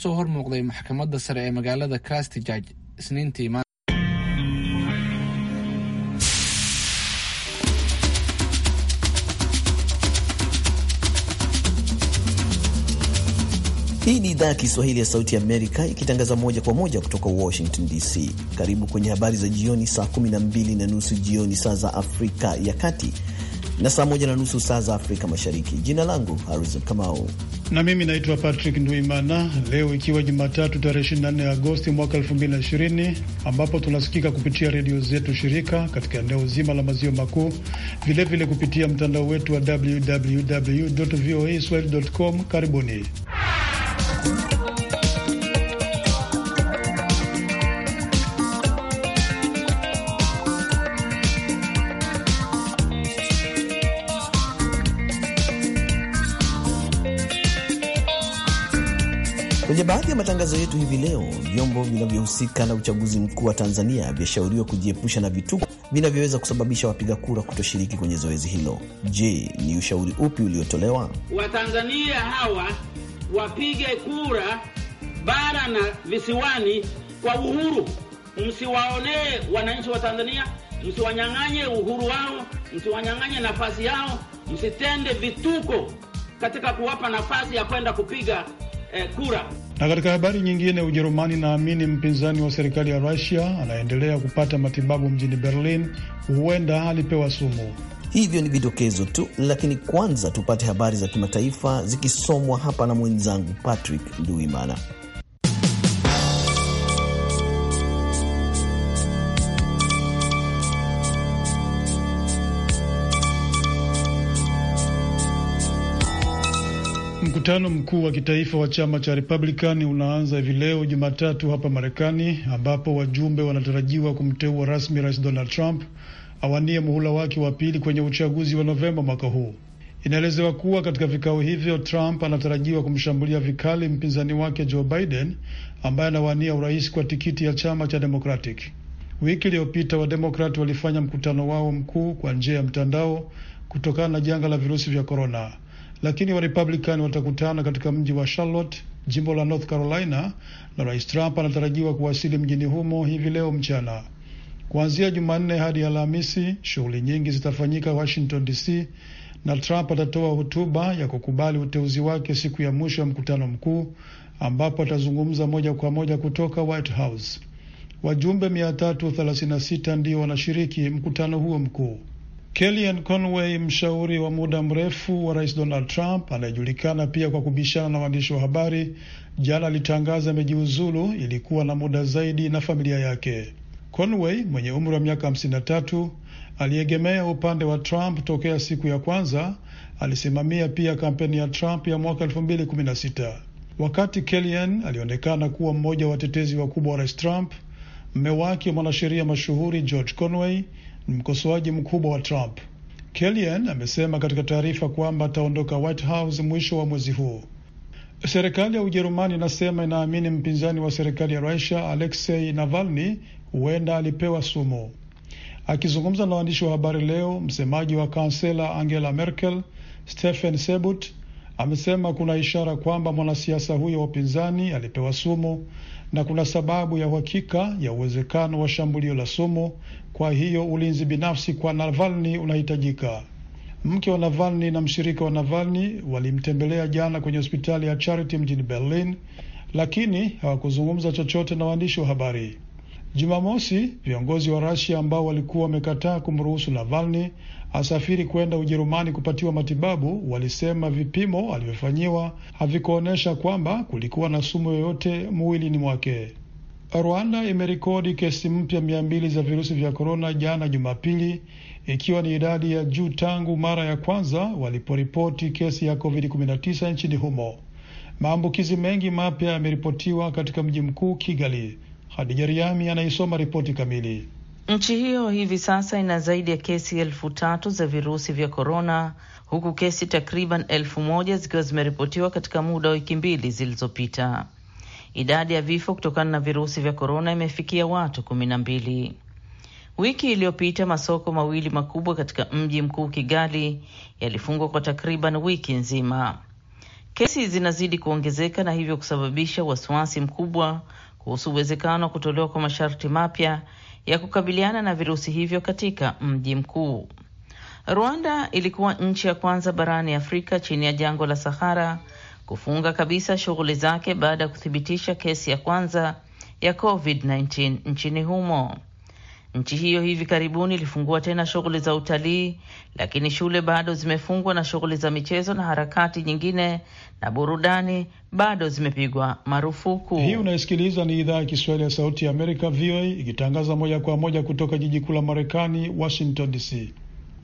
soo muuqday maxkamadda sare ee magaalada Christchurch Isniintii Hii ni idhaa ya Kiswahili ya Sauti Amerika ikitangaza moja kwa moja kutoka Washington DC. Karibu kwenye habari za jioni, saa 12 na nusu jioni saa za Afrika ya Kati na saa moja na nusu saa za Afrika Mashariki. Jina langu Harrison Kamau na mimi naitwa Patrick Nduimana. Leo ikiwa Jumatatu tarehe 24 Agosti mwaka 2020, ambapo tunasikika kupitia redio zetu shirika katika eneo zima la maziwa makuu, vilevile kupitia mtandao wetu wa www voa swahili com. Karibuni. Kwenye baadhi ya matangazo yetu hivi leo, vyombo vinavyohusika na uchaguzi mkuu wa Tanzania vyashauriwa kujiepusha na vituko vinavyoweza kusababisha wapiga kura kutoshiriki kwenye zoezi hilo. Je, ni ushauri upi uliotolewa? Watanzania hawa wapige kura bara na visiwani kwa uhuru. Msiwaonee wananchi wa Tanzania, msiwanyang'anye uhuru wao, msiwanyang'anye nafasi yao, msitende vituko katika kuwapa nafasi ya kwenda kupiga Eh, kura. Na katika habari nyingine, Ujerumani naamini mpinzani wa serikali ya Rusia anaendelea kupata matibabu mjini Berlin, huenda alipewa sumu. Hivyo ni vidokezo tu, lakini kwanza tupate habari za kimataifa zikisomwa hapa na mwenzangu Patrick Nduimana. Mkutano mkuu wa kitaifa wa chama cha Republican unaanza hivi leo Jumatatu hapa Marekani, ambapo wajumbe wanatarajiwa kumteua rasmi Rais Donald Trump awanie muhula wake wa pili kwenye uchaguzi wa Novemba mwaka huu. Inaelezewa kuwa katika vikao hivyo Trump anatarajiwa kumshambulia vikali mpinzani wake Joe Biden ambaye anawania urais kwa tikiti ya chama cha Democratic. Wiki iliyopita Wademokrati walifanya mkutano wao mkuu kwa njia ya mtandao kutokana na janga la virusi vya korona lakini Warepublikani watakutana katika mji wa Charlotte, jimbo la North Carolina, na Rais Trump anatarajiwa kuwasili mjini humo hivi leo mchana. Kuanzia Jumanne hadi Alhamisi, shughuli nyingi zitafanyika Washington DC na Trump atatoa hotuba ya kukubali uteuzi wake siku ya mwisho ya mkutano mkuu ambapo atazungumza moja kwa moja kutoka White House. Wajumbe 336 ndio wanashiriki mkutano huo mkuu. Kellyanne Conway, mshauri wa muda mrefu wa rais Donald Trump anayejulikana pia kwa kubishana na waandishi wa habari, jana alitangaza amejiuzulu ili kuwa na muda zaidi na familia yake. Conway mwenye umri wa miaka 53 aliegemea upande wa Trump tokea siku ya kwanza. Alisimamia pia kampeni ya Trump ya mwaka 2016. Wakati Kellyanne alionekana kuwa mmoja wa watetezi wakubwa wa rais Trump, mme wake mwanasheria mashuhuri George Conway ni mkosoaji mkubwa wa Trump. Kellyanne amesema katika taarifa kwamba ataondoka White House mwisho wa mwezi huu. Serikali ya Ujerumani inasema inaamini mpinzani wa serikali ya Russia Alexei Navalny huenda alipewa sumu. Akizungumza na waandishi wa habari leo, msemaji wa kansela Angela Merkel Stephen Sebut amesema kuna ishara kwamba mwanasiasa huyo wa upinzani alipewa sumu na kuna sababu ya uhakika ya uwezekano wa shambulio la sumu. Kwa hiyo ulinzi binafsi kwa Navalny unahitajika. Mke wa Navalny na mshirika wa Navalny walimtembelea jana kwenye hospitali ya Charity mjini Berlin, lakini hawakuzungumza chochote na waandishi wa habari. Jumamosi, viongozi wa Rasia ambao walikuwa wamekataa kumruhusu Navalni asafiri kwenda Ujerumani kupatiwa matibabu walisema vipimo alivyofanyiwa havikuonyesha kwamba kulikuwa na sumu yoyote mwilini mwake. Rwanda imerekodi kesi mpya mia mbili za virusi vya korona jana Jumapili, ikiwa ni idadi ya juu tangu mara ya kwanza waliporipoti kesi ya COVID-19 nchini humo. Maambukizi mengi mapya yameripotiwa katika mji mkuu Kigali. Hadija Riami anaisoma ripoti kamili. Nchi hiyo hivi sasa ina zaidi ya kesi elfu tatu za virusi vya korona huku kesi takriban elfu moja zikiwa zimeripotiwa katika muda wa wiki mbili zilizopita. Idadi ya vifo kutokana na virusi vya korona imefikia watu kumi na mbili. Wiki iliyopita masoko mawili makubwa katika mji mkuu Kigali yalifungwa kwa takriban wiki nzima. Kesi zinazidi kuongezeka na hivyo kusababisha wasiwasi mkubwa kuhusu uwezekano wa kutolewa kwa masharti mapya ya kukabiliana na virusi hivyo katika mji mkuu. Rwanda ilikuwa nchi ya kwanza barani Afrika chini ya jangwa la Sahara kufunga kabisa shughuli zake baada ya kuthibitisha kesi ya kwanza ya COVID-19 nchini humo. Nchi hiyo hivi karibuni ilifungua tena shughuli za utalii, lakini shule bado zimefungwa na shughuli za michezo na harakati nyingine na burudani bado zimepigwa marufuku. Hii unayosikiliza ni idhaa ya Kiswahili ya Sauti ya Amerika, VOA, ikitangaza moja kwa moja kutoka jiji kuu la Marekani, Washington DC.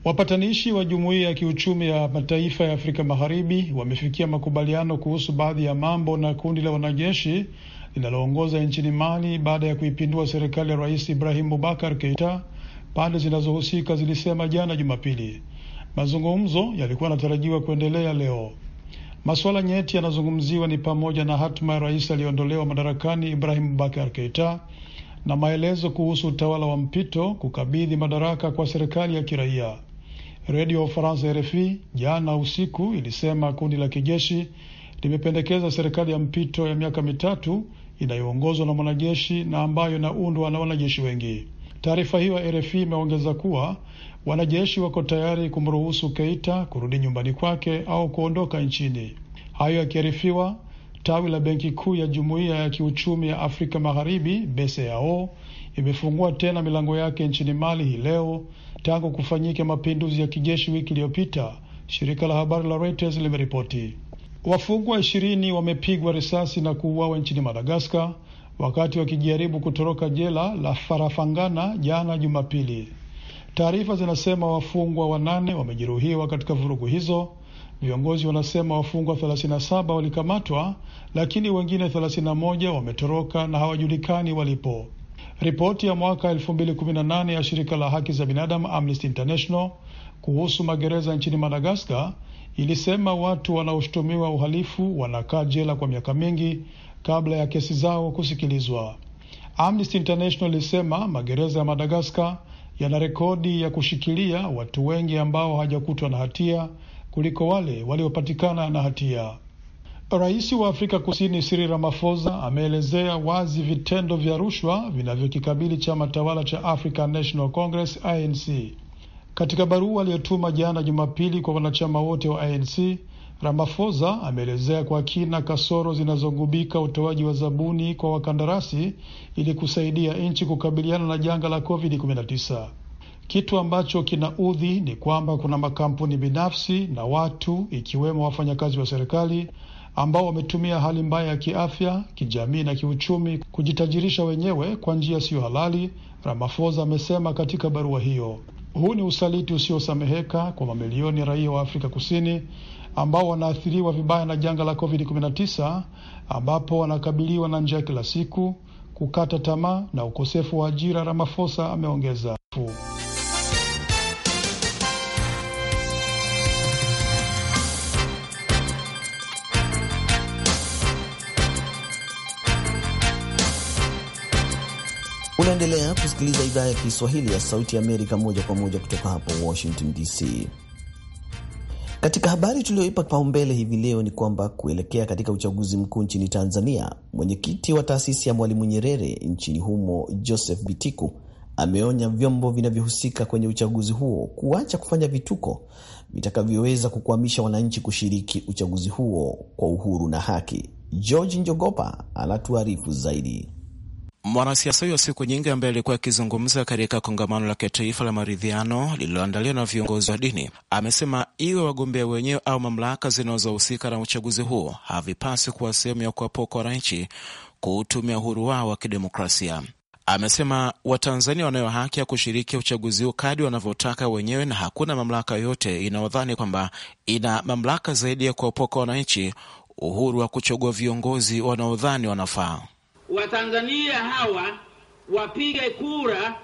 Wapatanishi wa jumuiya ya kiuchumi ya mataifa ya Afrika Magharibi wamefikia makubaliano kuhusu baadhi ya mambo na kundi la wanajeshi linaloongoza nchini Mali baada ya kuipindua serikali ya Rais Ibrahim Bubakar Keita, pande zinazohusika zilisema jana Jumapili. Mazungumzo yalikuwa yanatarajiwa kuendelea leo. Masuala nyeti yanazungumziwa ni pamoja na hatima ya rais aliyeondolewa madarakani Ibrahim Bubakar Keita na maelezo kuhusu utawala wa mpito kukabidhi madaraka kwa serikali ya kiraia. Redio France RFI jana usiku ilisema kundi la kijeshi limependekeza serikali ya mpito ya miaka mitatu inayoongozwa na mwanajeshi na ambayo inaundwa na wanajeshi wengi. Taarifa hiyo ya RFI imeongeza kuwa wanajeshi wako tayari kumruhusu Keita kurudi nyumbani kwake au kuondoka nchini. Hayo yakiarifiwa Tawi la Benki Kuu ya Jumuiya ya Kiuchumi ya Afrika Magharibi, BCAO, imefungua tena milango yake nchini Mali hii leo tangu kufanyika mapinduzi ya kijeshi wiki iliyopita, shirika la habari la Reuters limeripoti. Wafungwa ishirini wamepigwa risasi na kuuawa nchini Madagaskar wakati wakijaribu kutoroka jela la Farafangana jana Jumapili. Taarifa zinasema wafungwa wanane wamejeruhiwa katika vurugu hizo Viongozi wanasema wafungwa 37 walikamatwa, lakini wengine 31 wametoroka na hawajulikani walipo. Ripoti ya mwaka 2018 ya shirika la haki za binadamu Amnesty International kuhusu magereza nchini Madagaskar ilisema watu wanaoshutumiwa uhalifu wanakaa jela kwa miaka mingi kabla ya kesi zao kusikilizwa. Amnesty International ilisema magereza ya Madagaskar yana rekodi ya kushikilia watu wengi ambao hawajakutwa na hatia kuliko wale waliopatikana na hatia. Rais wa Afrika Kusini Cyril Ramaphosa ameelezea wazi vitendo vya rushwa vinavyokikabili chama tawala cha African National Congress ANC. Katika barua aliyotuma jana Jumapili kwa wanachama wote wa ANC, Ramaphosa ameelezea kwa kina kasoro zinazogubika utoaji wa zabuni kwa wakandarasi ili kusaidia nchi kukabiliana na janga la COVID-19. Kitu ambacho kinaudhi ni kwamba kuna makampuni binafsi na watu, ikiwemo wafanyakazi wa serikali, ambao wametumia hali mbaya ya kiafya, kijamii na kiuchumi kujitajirisha wenyewe kwa njia siyo halali, Ramaphosa amesema katika barua hiyo. Huu ni usaliti usiosameheka kwa mamilioni ya raia wa Afrika Kusini ambao wanaathiriwa vibaya na janga la COVID-19 ambapo wanakabiliwa na njaa kila siku, kukata tamaa na ukosefu wa ajira, Ramaphosa ameongeza. Unaendelea kusikiliza idhaa ya Kiswahili ya Sauti ya Amerika moja kwa moja kutoka hapo Washington DC. Katika habari tuliyoipa kipaumbele hivi leo ni kwamba kuelekea katika uchaguzi mkuu nchini Tanzania, mwenyekiti wa taasisi ya Mwalimu Nyerere nchini humo Joseph Bitiku ameonya vyombo vinavyohusika kwenye uchaguzi huo kuacha kufanya vituko vitakavyoweza kukwamisha wananchi kushiriki uchaguzi huo kwa uhuru na haki. George Njogopa anatuarifu zaidi. Mwanasiasa huyo siku nyingi ambaye alikuwa akizungumza katika kongamano la kitaifa la maridhiano lililoandaliwa na viongozi wa dini amesema iwe wagombea wenyewe au mamlaka zinazohusika na uchaguzi huo havipaswi kuwa sehemu ya kuwapoka wananchi kuutumia uhuru wao wa kidemokrasia. Amesema Watanzania wanayo haki ya kushiriki uchaguzi huo kadi wanavyotaka wenyewe, na hakuna mamlaka yoyote inayodhani kwamba ina mamlaka zaidi ya kuwapoka wananchi uhuru wa kuchagua viongozi wanaodhani wanafaa. Watanzania hawa wapige kura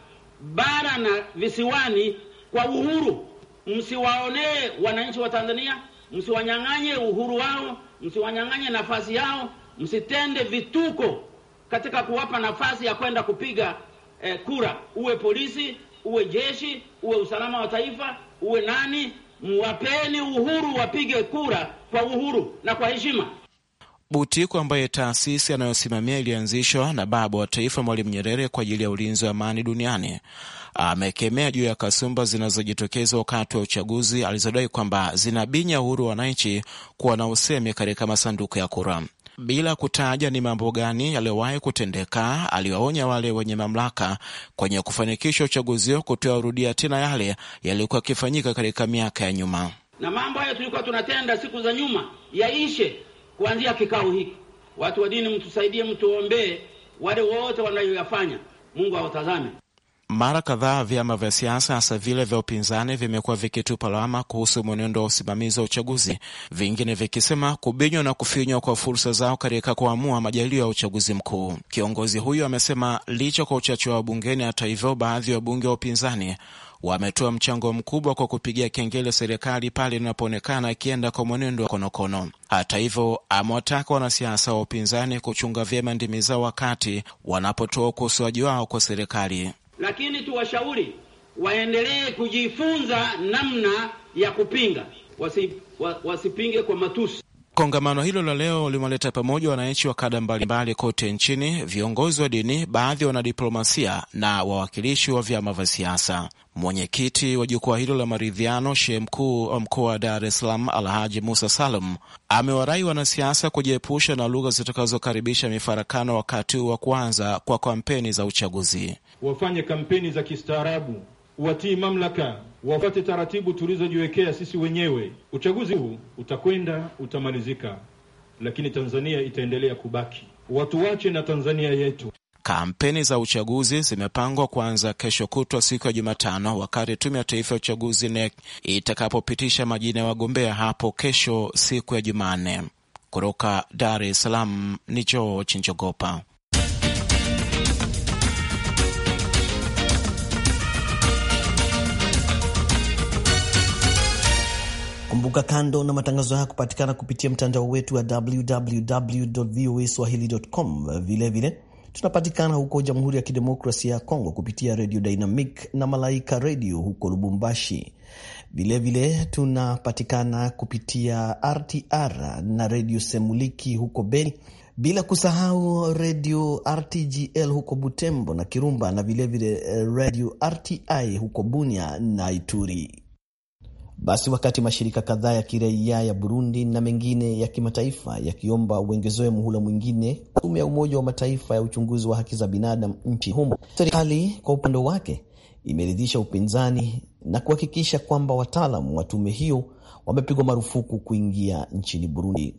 bara na visiwani kwa uhuru. Msiwaonee wananchi wa Tanzania, msiwanyang'anye uhuru wao, msiwanyang'anye nafasi yao, msitende vituko katika kuwapa nafasi ya kwenda kupiga eh, kura. Uwe polisi, uwe jeshi, uwe usalama wa taifa, uwe nani, mwapeni uhuru, wapige kura kwa uhuru na kwa heshima. Butiku ambaye taasisi anayosimamia ilianzishwa na baba wa taifa Mwalimu Nyerere kwa ajili ya ulinzi wa amani duniani amekemea juu ya kasumba zinazojitokeza wakati wa uchaguzi alizodai kwamba zinabinya uhuru wa wananchi kuwa na usemi katika masanduku ya kura. Bila kutaja ni mambo gani yaliyowahi kutendeka, aliwaonya wale wenye mamlaka kwenye kufanikisha uchaguzi huo kutoyarudia tena yale yaliyokuwa yakifanyika katika miaka ya nyuma, na mambo hayo tulikuwa tunatenda siku za nyuma yaishe kuanzia kikao hiki, watu wa dini, mtusaidie, mtuombee wale wote wanayoyafanya, Mungu awatazame. Mara kadhaa vyama vya siasa hasa vile vya upinzani vimekuwa vikitupa lawama kuhusu mwenendo wa usimamizi wa uchaguzi, vingine vikisema kubinywa na kufinywa kwa fursa zao katika kuamua majalio ya uchaguzi mkuu. Kiongozi huyo amesema licha kwa uchache wa bungeni, hata hivyo, baadhi ya wabunge wa upinzani wametoa mchango mkubwa kwa kupigia kengele serikali pale inapoonekana ikienda kwa mwenendo wa konokono. Hata hivyo, amewataka wanasiasa wa upinzani kuchunga vyema ndimi zao wakati wanapotoa ukosoaji wao kwa serikali, lakini tuwashauri waendelee kujifunza namna ya kupinga, wasipinge kwa matusi. Kongamano hilo la leo limewaleta pamoja wananchi wa kada mbalimbali kote nchini, viongozi wa dini, baadhi ya wanadiplomasia na wawakilishi wa vyama vya siasa. Mwenyekiti wa jukwaa hilo la maridhiano, shehe mkuu wa mkoa wa Dar es Salaam Alhaji Musa Salum amewarai wanasiasa kujiepusha na lugha zitakazokaribisha mifarakano wakati wa kuanza kwa kampeni za uchaguzi. Wafanye kampeni za kistaarabu watii mamlaka, wafuate taratibu tulizojiwekea sisi wenyewe. Uchaguzi huu utakwenda, utamalizika, lakini Tanzania itaendelea kubaki. Watu wache na Tanzania yetu. Kampeni za uchaguzi zimepangwa kuanza kesho kutwa siku ya Jumatano, wakati Tume ya Taifa ya Uchaguzi NEC itakapopitisha majina ya wagombea hapo kesho siku ya Jumanne. Kutoka Dar es Salaam ni Joo Chinjogopa. Kumbuka, kando na matangazo haya kupatikana kupitia mtandao wetu wa www voa swahilicom vilevile tunapatikana huko Jamhuri ya Kidemokrasia ya Kongo kupitia Redio Dynamic na Malaika Redio huko Lubumbashi. Vilevile tunapatikana kupitia RTR na Redio Semuliki huko Beni, bila kusahau Redio RTGL huko Butembo na Kirumba, na vilevile eh, Redio RTI huko Bunia na Ituri. Basi wakati mashirika kadhaa ya kiraia ya Burundi na mengine ya kimataifa yakiomba uongezewe muhula mwingine tume ya Umoja wa Mataifa ya uchunguzi wa haki za binadamu nchi humo, serikali kwa upande wake imeridhisha upinzani na kuhakikisha kwamba wataalam wa tume hiyo wamepigwa marufuku kuingia nchini Burundi.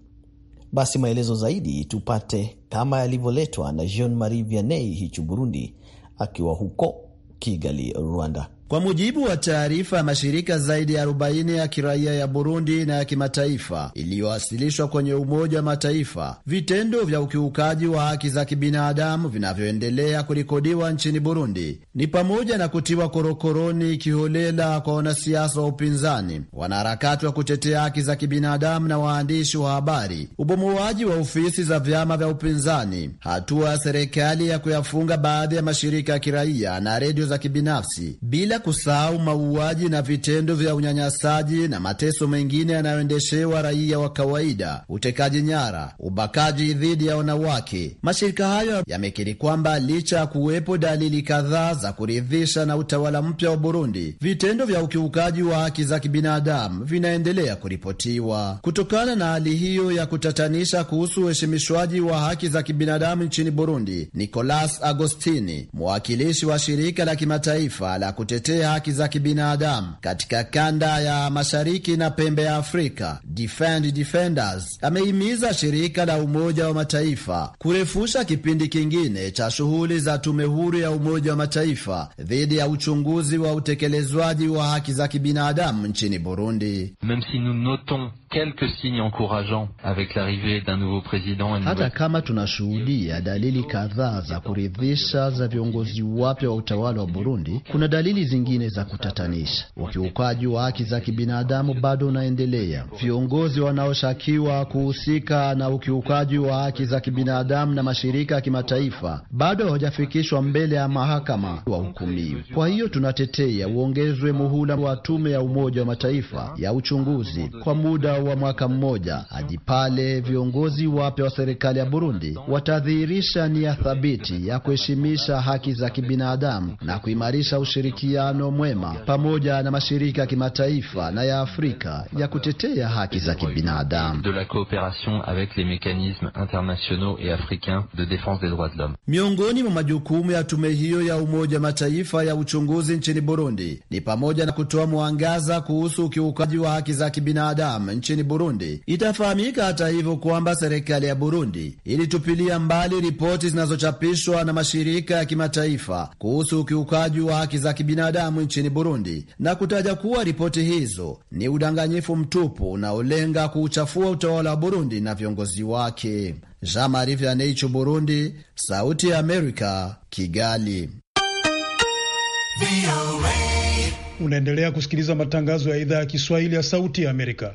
Basi maelezo zaidi tupate kama yalivyoletwa na Jean Marie Vianney Hichu Burundi akiwa huko Kigali, Rwanda. Kwa mujibu wa taarifa ya mashirika zaidi ya 40 ya kiraia ya Burundi na ya kimataifa iliyowasilishwa kwenye Umoja wa Mataifa, vitendo vya ukiukaji wa haki za kibinadamu vinavyoendelea kurikodiwa nchini Burundi ni pamoja na kutiwa korokoroni kiholela kwa wanasiasa wa upinzani, wanaharakati wa kutetea haki za kibinadamu na waandishi wa habari, ubomoaji wa ofisi za vyama vya upinzani, hatua ya serikali ya kuyafunga baadhi ya mashirika ya kiraia na redio za kibinafsi bila kusahau mauaji na vitendo vya unyanyasaji na mateso mengine yanayoendeshewa raia wa kawaida, utekaji nyara, ubakaji dhidi ya wanawake. Mashirika hayo yamekiri kwamba licha ya kuwepo dalili kadhaa za kuridhisha na utawala mpya wa Burundi, vitendo vya ukiukaji wa haki za kibinadamu vinaendelea kuripotiwa. Kutokana na hali hiyo ya kutatanisha kuhusu uheshimishwaji wa haki za kibinadamu nchini Burundi, Nicolas Agostini, mwakilishi wa shirika la kimataifa la kutetea kutetea haki za kibinadamu katika kanda ya mashariki na pembe ya Afrika, Defend Defenders, amehimiza shirika la Umoja wa Mataifa kurefusha kipindi kingine cha shughuli za tume huru ya Umoja wa Mataifa dhidi ya uchunguzi wa utekelezwaji wa haki za kibinadamu nchini Burundi. Même si nous notons quelques signes encourageants avec l'arrivée d'un nouveau président. Hata kama tunashuhudia dalili kadhaa za kuridhisha za viongozi wapya wa utawala wa Burundi, kuna dalili zingine za kutatanisha. Ukiukaji wa haki za kibinadamu bado unaendelea. Viongozi wanaoshakiwa kuhusika na ukiukaji wa haki za kibinadamu na mashirika ya kimataifa bado hawajafikishwa mbele ya mahakama wahukumiwa. Kwa hiyo tunatetea uongezwe muhula wa tume ya Umoja wa Mataifa ya uchunguzi kwa muda wa mwaka mmoja hadi pale viongozi wapya wa serikali ya Burundi watadhihirisha nia thabiti ya kuheshimisha haki za kibinadamu na kuimarisha ushirikiano mwema pamoja na mashirika ya kimataifa na ya Afrika ya kutetea haki za kibinadamu. De la coopération avec les mécanismes internationaux et africains de défense des droits de l'homme. Miongoni mwa majukumu ya tume hiyo ya Umoja Mataifa ya uchunguzi nchini Burundi ni pamoja na kutoa mwangaza kuhusu ukiukaji wa haki za kibinadamu nchini nchini Burundi. Itafahamika hata hivyo kwamba serikali ya Burundi ilitupilia mbali ripoti zinazochapishwa na mashirika ya kimataifa kuhusu ukiukaji wa haki za kibinadamu nchini Burundi na kutaja kuwa ripoti hizo ni udanganyifu mtupu unaolenga kuuchafua utawala wa Burundi na viongozi wake. Jean Burundi, Sauti ya Amerika, Kigali. Unaendelea kusikiliza matangazo ya idhaa ya Kiswahili ya Sauti ya Amerika.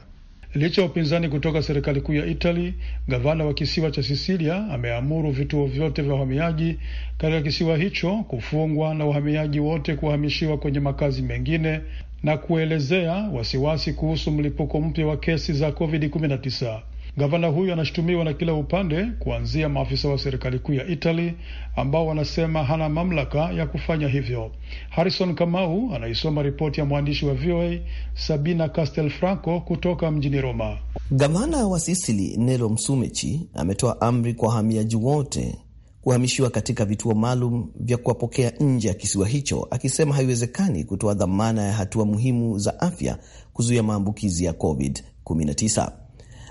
Licha ya upinzani kutoka serikali kuu ya Itali, gavana wa kisiwa cha Sisilia ameamuru vituo vyote vya wahamiaji katika kisiwa hicho kufungwa na wahamiaji wote kuhamishiwa kwenye makazi mengine na kuelezea wasiwasi kuhusu mlipuko mpya wa kesi za COVID-19. Gavana huyu anashutumiwa na kila upande, kuanzia maafisa wa serikali kuu ya Italy ambao wanasema hana mamlaka ya kufanya hivyo. Harrison Kamau anaisoma ripoti ya mwandishi wa VOA Sabina Castelfranco kutoka mjini Roma. Gavana wa Sisili Nelo msumechi ametoa amri kwa wahamiaji wote kuhamishiwa katika vituo maalum vya kuwapokea nje ya kisiwa hicho, akisema haiwezekani kutoa dhamana ya hatua muhimu za afya kuzuia maambukizi ya COVID-19.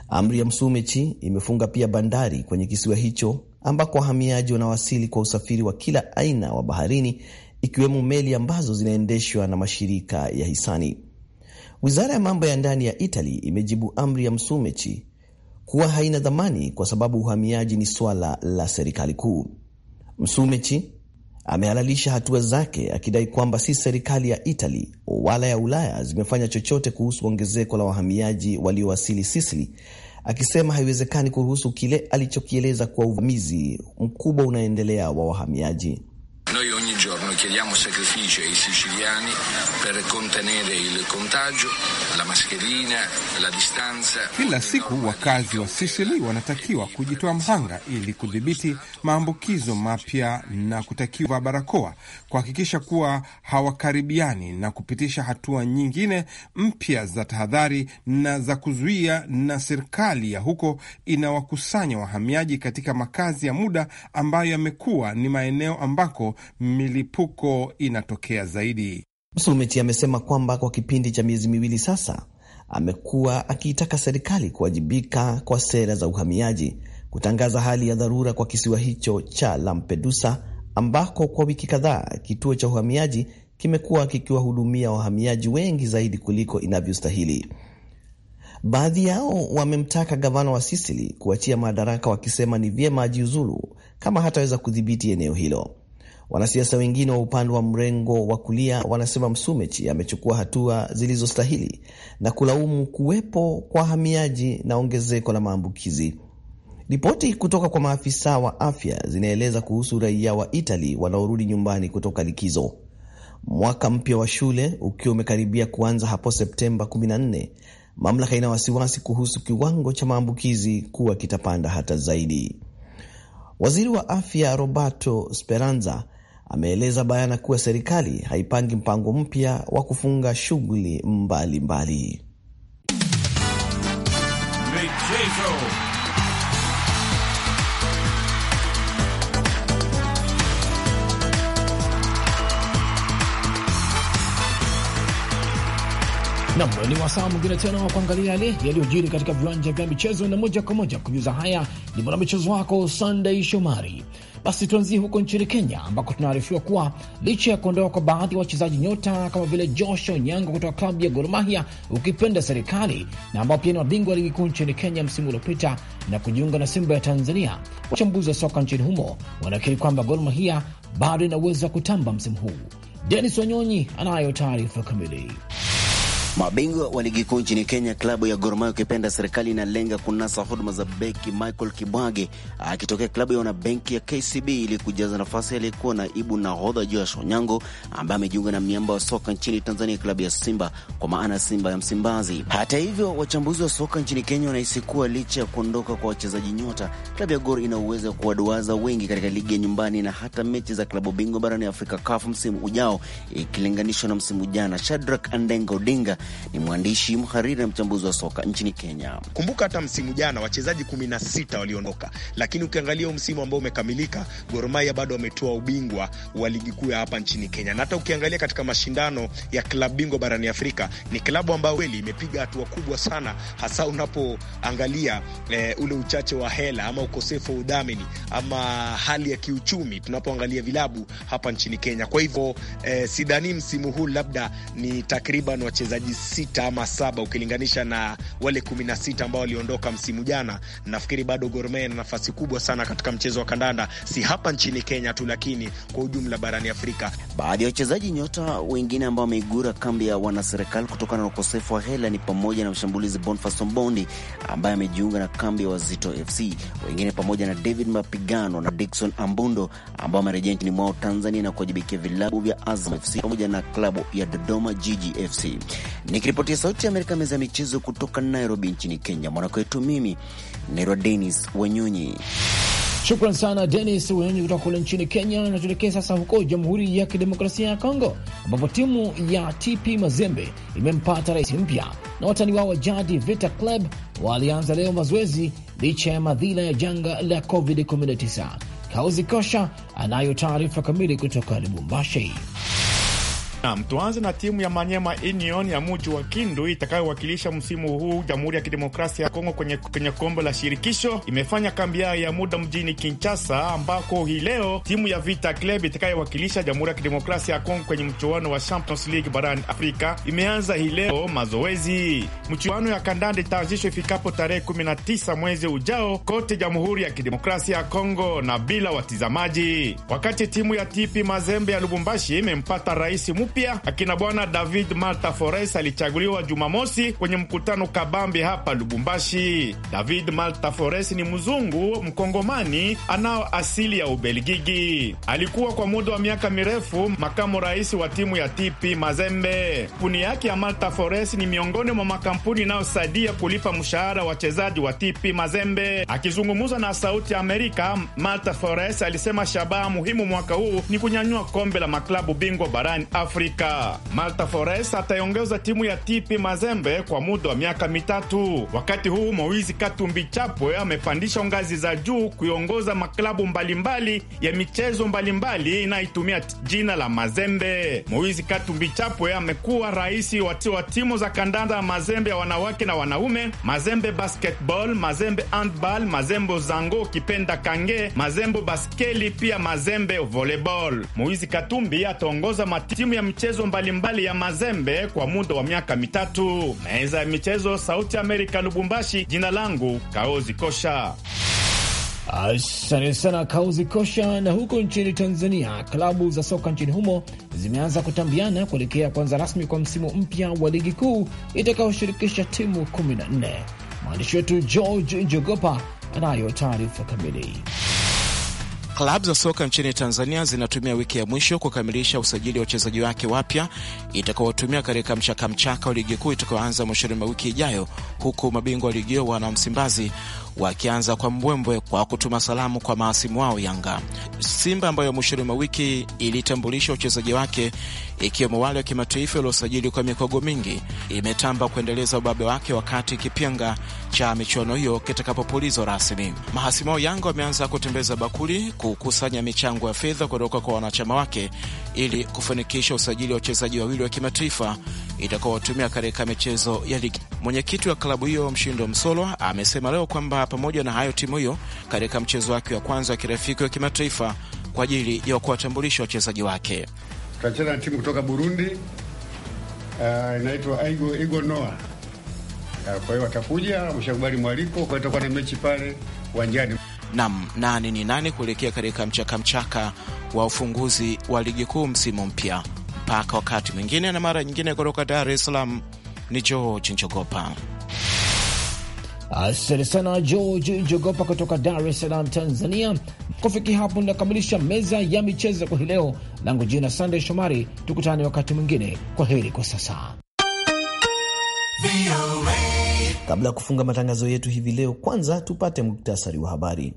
Amri ya Msumechi imefunga pia bandari kwenye kisiwa hicho ambako wahamiaji wanawasili kwa usafiri wa kila aina wa baharini, ikiwemo meli ambazo zinaendeshwa na mashirika ya hisani. Wizara ya mambo ya ndani ya Itali imejibu amri ya msumechi kuwa haina dhamani kwa sababu uhamiaji ni swala la serikali kuu. Msumechi amehalalisha hatua zake akidai kwamba si serikali ya itali wala ya Ulaya zimefanya chochote kuhusu ongezeko la wahamiaji waliowasili Sisili akisema haiwezekani kuruhusu kile alichokieleza kuwa uvamizi mkubwa unaendelea wa wahamiaji. No, noi chiediamo sacrifici ai siciliani per contenere il contagio, la mascherina, la distanza. Kila siku wakazi wa Sisili wanatakiwa kujitoa mhanga ili kudhibiti maambukizo mapya na kutakiwa barakoa, kuhakikisha kuwa hawakaribiani na kupitisha hatua nyingine mpya za tahadhari na za kuzuia. Na serikali ya huko inawakusanya wahamiaji katika makazi ya muda ambayo yamekuwa ni maeneo ambako milipuko milipuko inatokea zaidi. Msumiti amesema kwamba kwa kipindi cha miezi miwili sasa amekuwa akiitaka serikali kuwajibika kwa sera za uhamiaji, kutangaza hali ya dharura kwa kisiwa hicho cha Lampedusa ambako kwa wiki kadhaa kituo cha uhamiaji kimekuwa kikiwahudumia wahamiaji wengi zaidi kuliko inavyostahili. Baadhi yao wamemtaka gavana wa Sisili kuachia madaraka, wakisema ni vyema ajiuzulu kama hataweza kudhibiti eneo hilo. Wanasiasa wengine wa upande wa mrengo wa kulia wanasema Msumechi amechukua hatua zilizostahili na kulaumu kuwepo kwa wahamiaji na ongezeko la maambukizi. Ripoti kutoka kwa maafisa wa afya zinaeleza kuhusu raia wa Itali wanaorudi nyumbani kutoka likizo. Mwaka mpya wa shule ukiwa umekaribia kuanza hapo Septemba 14, mamlaka ina wasiwasi kuhusu kiwango cha maambukizi kuwa kitapanda hata zaidi. Waziri wa afya Roberto Speranza ameeleza bayana kuwa serikali haipangi mpango mpya wa kufunga shughuli mbalimbali. Michezo. Nam ni wasaa mwingine tena wa kuangalia yale yaliyojiri katika viwanja vya michezo, na moja kwa moja kujuza haya ni mwanamichezo wako Sunday Shomari. Basi tuanzie huko nchini Kenya, ambako tunaarifiwa kuwa licha ya kuondoka kwa baadhi ya wachezaji nyota kama vile Josh Onyango kutoka klabu ya Gor Mahia ukipenda serikali, na ambao pia ni mabingwa wa ligi kuu nchini Kenya msimu uliopita na kujiunga na Simba ya Tanzania, wachambuzi wa soka nchini humo wanakiri kwamba Gor Mahia bado ina uwezo wa kutamba msimu huu. Denis Wanyonyi anayo taarifa kamili. Mabingwa wa ligi kuu nchini Kenya, klabu ya Gor Mahia ukipenda serikali inalenga kunasa huduma za beki Michael Kibwage akitokea klabu ya wanabenki ya KCB ili kujaza nafasi aliyekuwa naibu nahodha Joash Onyango ambaye amejiunga na miamba wa soka nchini Tanzania, klabu ya Simba kwa maana Simba ya Msimbazi. Hata hivyo, wachambuzi wa soka nchini Kenya wanahisi kuwa licha ya kuondoka kwa wachezaji nyota, klabu ya Gor ina uwezo wa kuwaduaza wengi katika ligi ya nyumbani na hata mechi za klabu bingwa barani Afrika, CAF, msimu ujao ikilinganishwa na msimu jana. Shadrack Andengo Odinga ni mwandishi, mhariri na mchambuzi wa soka nchini Kenya. Kumbuka hata msimu jana wachezaji kumi na sita waliondoka, lakini ukiangalia msimu ambao umekamilika, Gor Mahia bado wametoa ubingwa wa ligi kuu ya hapa nchini Kenya, na hata ukiangalia katika mashindano ya klabu bingwa barani Afrika ni klabu ambayo kweli imepiga hatua kubwa sana, hasa unapoangalia eh, ule uchache wa hela ama ukosefu wa udhamini ama hali ya kiuchumi tunapoangalia vilabu hapa nchini Kenya. Kwa hivyo eh, sidhani msimu huu labda ni takriban wachezaji sita ama saba ukilinganisha na wale kumi na sita ambao waliondoka msimu jana. Nafikiri bado Gor Mahia na nafasi kubwa sana katika mchezo wa kandanda, si hapa nchini Kenya tu, lakini kwa ujumla barani Afrika. Baadhi ya wachezaji nyota wengine ambao wameigura kambi ya wanaserikali kutokana na ukosefu wa hela ni pamoja na mshambulizi Boniface Mbondi ambaye amejiunga na kambi ya Wazito FC, wengine pamoja na David Mapigano na Dickson Ambundo ambao wamerejea nchini mwao Tanzania na kuwajibikia vilabu vya Azam FC pamoja na klabu ya Dodoma Jiji FC. Nikiripotia Sauti ya Amerika, meza ya michezo kutoka Nairobi nchini Kenya, mwanakwetu mimi Nairwa Denis Wanyonyi. Shukran sana Denis wenyonyi kutoka kule nchini Kenya. Natuelekea sasa huko Jamhuri ya Kidemokrasia ya Kongo, ambapo timu ya TP Mazembe imempata rais mpya na watani wao wa jadi Vita Club walianza leo mazoezi licha ya madhila ya janga la COVID-19. Kauzi Kosha anayo taarifa kamili kutoka Lubumbashi. Nam, tuanze na timu ya Manyema Union ya muji wa Kindu itakayowakilisha msimu huu Jamhuri ya Kidemokrasia ya Kongo kwenye, kwenye kombe la shirikisho imefanya kambi yao ya muda mjini Kinshasa, ambako hii leo timu ya Vita Club itakayowakilisha Jamhuri ya Kidemokrasia ya Kongo kwenye mchuano wa Champions League barani Afrika imeanza hii leo mazoezi. Mchuano ya kandanda itaanzishwa ifikapo tarehe 19 mwezi ujao kote Jamhuri ya Kidemokrasia ya Kongo na bila watizamaji, wakati timu ya TP Mazembe ya Lubumbashi imempata rais mpya. akina bwana David Marta Fores alichaguliwa Jumamosi kwenye mkutano kabambi hapa Lubumbashi. David Marta Fores ni mzungu mkongomani anao asili ya Ubelgiji. Alikuwa kwa muda wa miaka mirefu makamu rais wa timu ya TP Mazembe. Kampuni yake ya Marta Fores ni miongoni mwa makampuni inayosaidia kulipa mshahara wachezaji wa TP Mazembe. Akizungumza na Sauti ya Amerika, Marta Fores alisema shabaha muhimu mwaka huu ni kunyanyua kombe la maklabu bingwa barani Afrika. Afrika. Malta Forest ataiongoza timu ya TP Mazembe kwa muda wa miaka mitatu. Wakati huu Moizi Katumbi Chapwe amepandisha ngazi za juu kuiongoza maklabu mbalimbali ya michezo mbalimbali inayoitumia jina la Mazembe. Moizi Katumbi Chapwe amekuwa rais wa timu za kandanda Mazembe ya wanawake na wanaume, Mazembe basketball, Mazembe handball, mazembo zango kipenda kange, mazembo baskeli, pia Mazembe volleyball. Moizi Katumbi ataongoza matimu ya michezo mbalimbali ya mazembe kwa muda wa miaka mitatu. Meza ya michezo, Sauti Amerika, Lubumbashi. Jina langu Kaozi Kosha. Asante sana Kauzi Kosha. Na huko nchini Tanzania, klabu za soka nchini humo zimeanza kutambiana kuelekea kuanza rasmi kwa msimu mpya wa ligi kuu itakayoshirikisha timu 14. Mwandishi wetu George Njogopa anayo taarifa kamili. Klabu za soka nchini Tanzania zinatumia wiki ya mwisho kukamilisha usajili wa wachezaji wake wapya itakaotumia katika mchakamchaka wa ligi kuu itakayoanza mwishoni mwa wiki ijayo, huku mabingwa wa ligi hiyo wana Msimbazi wakianza kwa mbwembwe kwa kutuma salamu kwa maasimu wao Yanga. Simba ambayo mwishoni mwa wiki ilitambulisha wachezaji wake ikiwemo wale wa kimataifa waliosajili kwa mikogo mingi, imetamba kuendeleza ubabe wake wakati kipyenga cha michuano hiyo kitakapopulizwa rasmi. Mahasimu wao Yanga wameanza kutembeza bakuli kukusanya michango ya fedha kutoka kwa wanachama wake ili kufanikisha usajili wa wachezaji wawili wa kimataifa itakaowatumia katika michezo ya ligi. Mwenyekiti wa klabu hiyo Mshindo Msolwa amesema leo kwamba pamoja na hayo, timu hiyo katika mchezo wake wa kwanza wa kirafiki wa kimataifa kwa ajili ya kuwatambulisha wachezaji wake tutacheza na timu kutoka Burundi, uh, inaitwa Igo, Igo Noa. Uh, kwa hiyo watakuja, wameshakubali mwaliko, kwa hiyo na mechi pale uwanjani nam nani ni nani kuelekea katika mchakamchaka wa ufunguzi wa ligi kuu msimu mpya. Mpaka wakati mwingine na mara nyingine, kutoka Dar es Salaam ni George Njogopa. Asante sana George Njogopa kutoka Dar es Salaam, Tanzania. Kufikia hapo inakamilisha meza ya michezo kwa hii leo. Langu jina Sandey Shomari, tukutane wakati mwingine. Kwa heri kwa sasa. Kabla ya kufunga matangazo yetu hivi leo, kwanza tupate muktasari wa habari.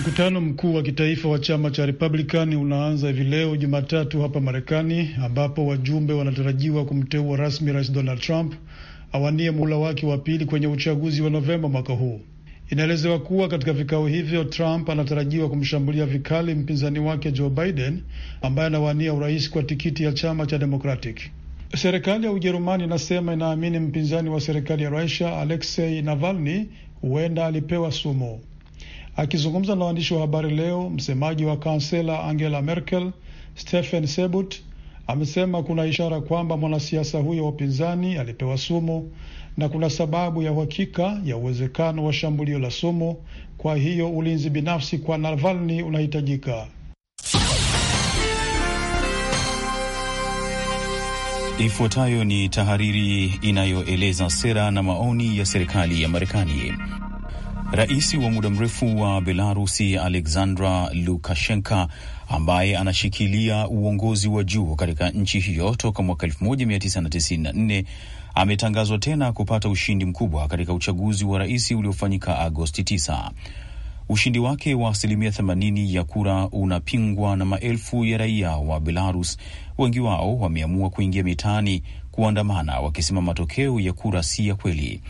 Mkutano mkuu wa kitaifa wa chama cha Republican unaanza hivi leo Jumatatu hapa Marekani, ambapo wajumbe wanatarajiwa kumteua rasmi Rais Donald Trump awanie muhula wake wa pili kwenye uchaguzi wa Novemba mwaka huu. Inaelezewa kuwa katika vikao hivyo Trump anatarajiwa kumshambulia vikali mpinzani wake Joe Biden ambaye anawania urais kwa tikiti ya chama cha Democratic. Serikali ya Ujerumani inasema inaamini mpinzani wa serikali ya Russia Alexei Navalny huenda alipewa sumu. Akizungumza na waandishi wa habari leo, msemaji wa kansela Angela Merkel Stephen Sebut amesema kuna ishara kwamba mwanasiasa huyo wa upinzani alipewa sumu na kuna sababu ya uhakika ya uwezekano wa shambulio la sumu. Kwa hiyo ulinzi binafsi kwa Navalny unahitajika. Ifuatayo ni tahariri inayoeleza sera na maoni ya serikali ya Marekani. Rais wa muda mrefu wa Belarusi Alexandra Lukashenka ambaye anashikilia uongozi wa juu katika nchi hiyo toka mwaka 1994 ametangazwa tena kupata ushindi mkubwa katika uchaguzi wa rais uliofanyika Agosti 9. Ushindi wake wa asilimia 80 ya kura unapingwa na maelfu ya raia wa Belarus. Wengi wao wameamua kuingia mitaani kuandamana wakisema matokeo ya kura si ya kweli.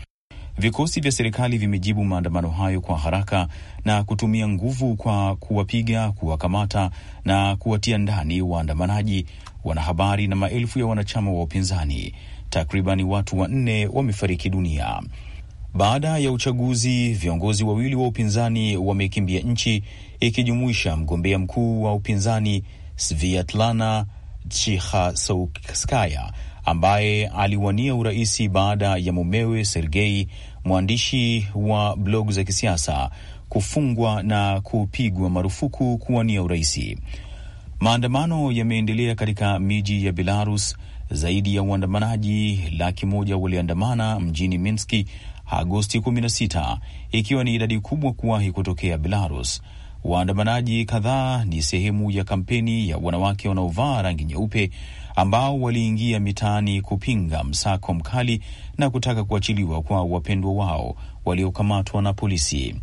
Vikosi vya serikali vimejibu maandamano hayo kwa haraka na kutumia nguvu kwa kuwapiga, kuwakamata na kuwatia ndani waandamanaji, wanahabari na maelfu ya wanachama wa upinzani. Takribani watu wanne wamefariki dunia. Baada ya uchaguzi, viongozi wawili wa upinzani wamekimbia nchi, ikijumuisha mgombea mkuu wa upinzani Sviatlana Chikhasoukskaya ambaye aliwania uraisi baada ya mumewe Sergei, mwandishi wa blog za kisiasa, kufungwa na kupigwa marufuku kuwania uraisi. Maandamano yameendelea katika miji ya Belarus. Zaidi ya uandamanaji laki moja waliandamana mjini Minski Agosti 16 ikiwa ni idadi kubwa kuwahi kutokea Belarus. Waandamanaji kadhaa ni sehemu ya kampeni ya wanawake wanaovaa rangi nyeupe ambao waliingia mitaani kupinga msako mkali na kutaka kuachiliwa kwa wapendwa wao waliokamatwa na polisi.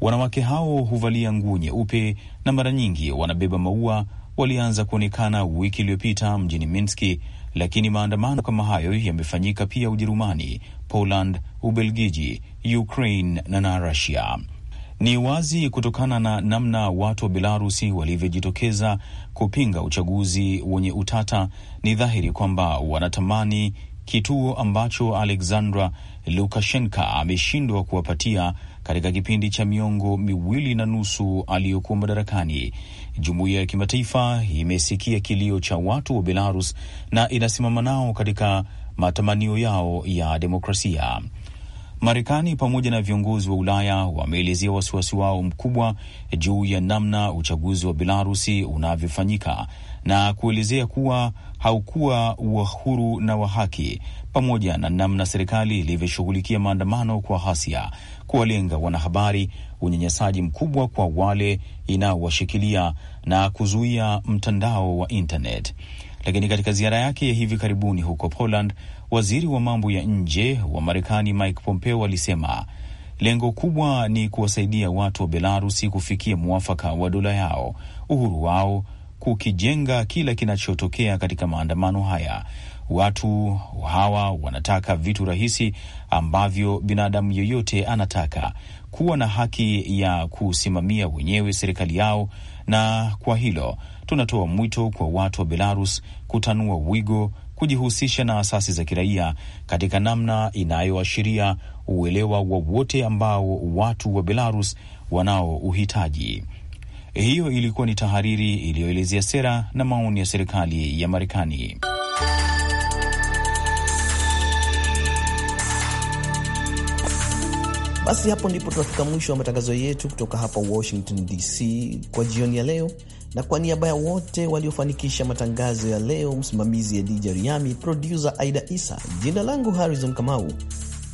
Wanawake hao huvalia nguo nyeupe na mara nyingi wanabeba maua. Walianza kuonekana wiki iliyopita mjini Minski, lakini maandamano kama hayo yamefanyika pia Ujerumani, Poland, Ubelgiji, Ukraine na na Rasia. Ni wazi kutokana na namna watu wa Belarusi walivyojitokeza kupinga uchaguzi wenye utata, ni dhahiri kwamba wanatamani kituo ambacho Alexandra Lukashenka ameshindwa kuwapatia katika kipindi cha miongo miwili na nusu aliyokuwa madarakani. Jumuiya ya kimataifa imesikia kilio cha watu wa Belarus na inasimama nao katika matamanio yao ya demokrasia. Marekani pamoja na viongozi wa Ulaya wameelezea wasiwasi wao mkubwa juu ya namna uchaguzi wa Belarusi unavyofanyika na kuelezea kuwa haukuwa wa huru na wa haki, pamoja na namna serikali ilivyoshughulikia maandamano kwa ghasia, kuwalenga wanahabari, unyanyasaji mkubwa kwa wale inaowashikilia na kuzuia mtandao wa internet. Lakini katika ziara yake ya hivi karibuni huko Poland, waziri wa mambo ya nje wa Marekani Mike Pompeo alisema lengo kubwa ni kuwasaidia watu wa Belarusi kufikia mwafaka wa dola yao, uhuru wao, kukijenga kila kinachotokea katika maandamano haya. Watu hawa wanataka vitu rahisi ambavyo binadamu yeyote anataka: kuwa na haki ya kusimamia wenyewe serikali yao, na kwa hilo tunatoa mwito kwa watu wa Belarus kutanua wigo kujihusisha na asasi za kiraia katika namna inayoashiria uelewa wa wote ambao watu wa Belarus wanao uhitaji Hiyo ilikuwa ni tahariri iliyoelezea sera na maoni ya serikali ya Marekani. Basi hapo ndipo tunafika mwisho wa matangazo yetu kutoka hapa Washington DC kwa jioni ya leo na kwa niaba ya wote waliofanikisha matangazo ya leo, msimamizi Adija Riami, produsa Aida Isa, jina langu Harrison Kamau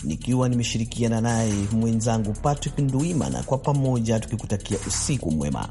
nikiwa nimeshirikiana naye mwenzangu Patrick Nduimana, kwa pamoja tukikutakia usiku mwema.